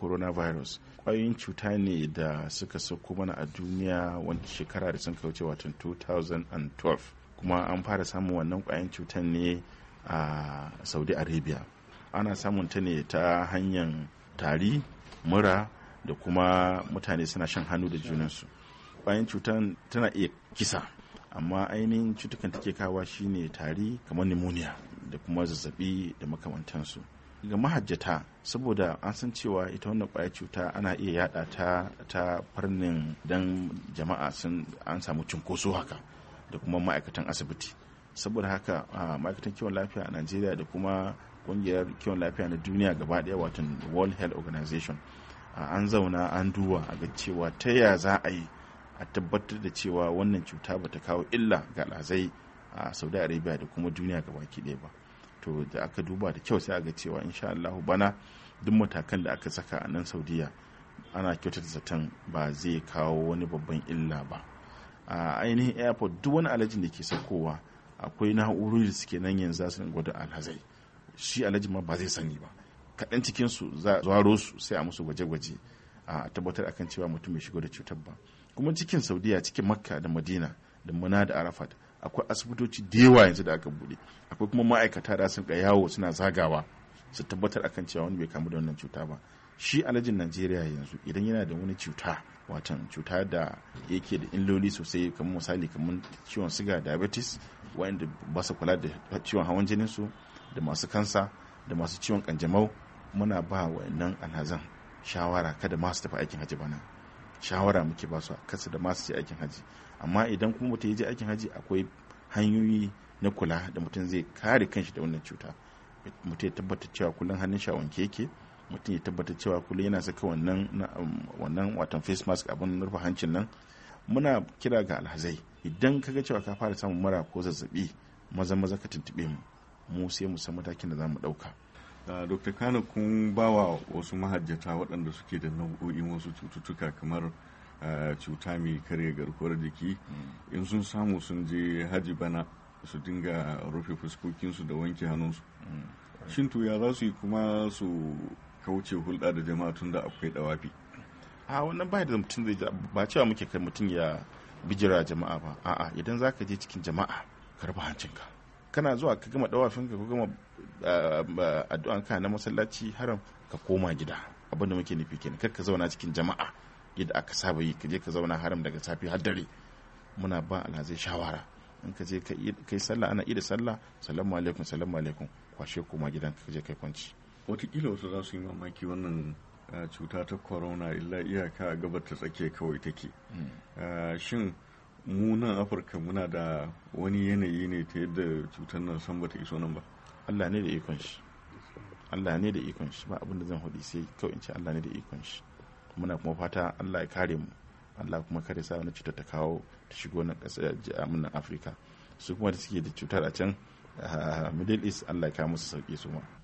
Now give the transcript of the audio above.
coronavirus ƙwayoyin cuta ne da suka sauko mana a duniya wani shekara da sun kauce watan 2012 kuma an fara samun wannan ƙwayoyin cutar ne a saudi arabia ana samun ta ne ta hanyar tari mura da kuma mutane suna shan hannu da junansu ƙwayoyin cutar tana iya kisa amma ainihin cutukan take kawa shine tari kamar pneumonia da kuma zazzabi da makamantansu ga mahajjata saboda an san cewa ita wannan baya cuta ana iya yada ta ta farnin dan jama'a sun an samu cunkoso haka da kuma ma'aikatan asibiti saboda haka ma'aikatan kiwon lafiya a najeriya da kuma ƙungiyar kiwon lafiya na duniya gaba daya watan world health organization an zauna an duwa a ga cewa ta ya za a yi a tabbatar da cewa wannan cuta bata kawo illa ga lazai a saudi arabia da kuma duniya gaba ki ɗaya ba to da aka duba da kyau sai aga cewa insha Allah bana duk matakan da aka saka a nan Saudiya ana kyautata zaton ba zai kawo wani babban illa ba a ainihin airport duk wani alajin da ke saukowa akwai na'urori da suke nan yanzu za su gwada alhazai shi alajin ma ba zai sani ba kaɗan cikin su za a su sai a musu gwaje-gwaje a tabbatar akan cewa mutum bai shigo da cutar ba kuma cikin saudiya cikin makka da madina da muna da arafat akwai asibitoci da yawa yanzu da aka bude akwai kuma ma'aikata da sun yawo suna zagawa su tabbatar akan cewa wani bai kamu da wannan cuta ba shi alajin najeriya yanzu idan yana da wani cuta watan cuta da yake da illoli sosai kamar misali kamar ciwon siga diabetes wanda ba su kula da ciwon hawan jinin su da masu kansa da masu ciwon kanjamau muna ba wa'annan alhazan shawara kada masu tafi aikin hajji bana shawara muke ba su kasu da masu je aikin hajji amma idan kuma mutum ya je aikin haji akwai hanyoyi na kula da mutum zai kare kanshi da wannan cuta mutum ya tabbata cewa kullum hannun shawon keke yake mutum ya tabbata cewa kullum yana saka wannan um, wannan watan face mask abin rufe hancin nan muna kira ga alhazai idan ka ga cewa ka fara samun mura ko zazzabi maza maza ka tuntube mu mu sai mu san matakin da za mu ɗauka dr kano kun bawa wasu mahajjata waɗanda suke da nau'o'in wasu cututtuka kamar cuta mai karya garkuwar jiki in sun samu sun je haji bana su dinga rufe fuskokinsu da wanke hannunsu shin to ya za su yi kuma su kauce hulɗa da jama'a tun da akwai dawafi a wannan ba da mutum zai ba cewa muke kai mutum ya bijira jama'a ba a'a idan za ka je cikin jama'a karba hancinka kana zuwa ka gama dawafinka ka gama addu'anka na masallaci haram ka koma gida abin muke nufi kenan kar ka zauna cikin jama'a yadda aka saba yi ka je ka zauna haram daga safi har dare muna ba alhazai shawara in ka je kai sallah ana ida sallah salamu alaikum salamu alaikum kwashe kuma gidan ka je kai kwanci Wataƙila wasu za su yi mamaki wannan cuta ta corona illa iyaka a gabar ta tsake kawai take hmm. shin mu nan afirka muna da wani yanayi ne ta yadda cutar nan san bata iso nan ba allah ne da ikon shi allah ne da ikon shi ba abin da zan hudu sai kawai in ce allah ne da ikon shi muna kuma fata allah ya kare mu allah kuma kare sa wani cutar ta kawo ta shigo nan kasar afirka su kuma da suke da cutar a can ah, middle east allah ya kawo musu sauki su ma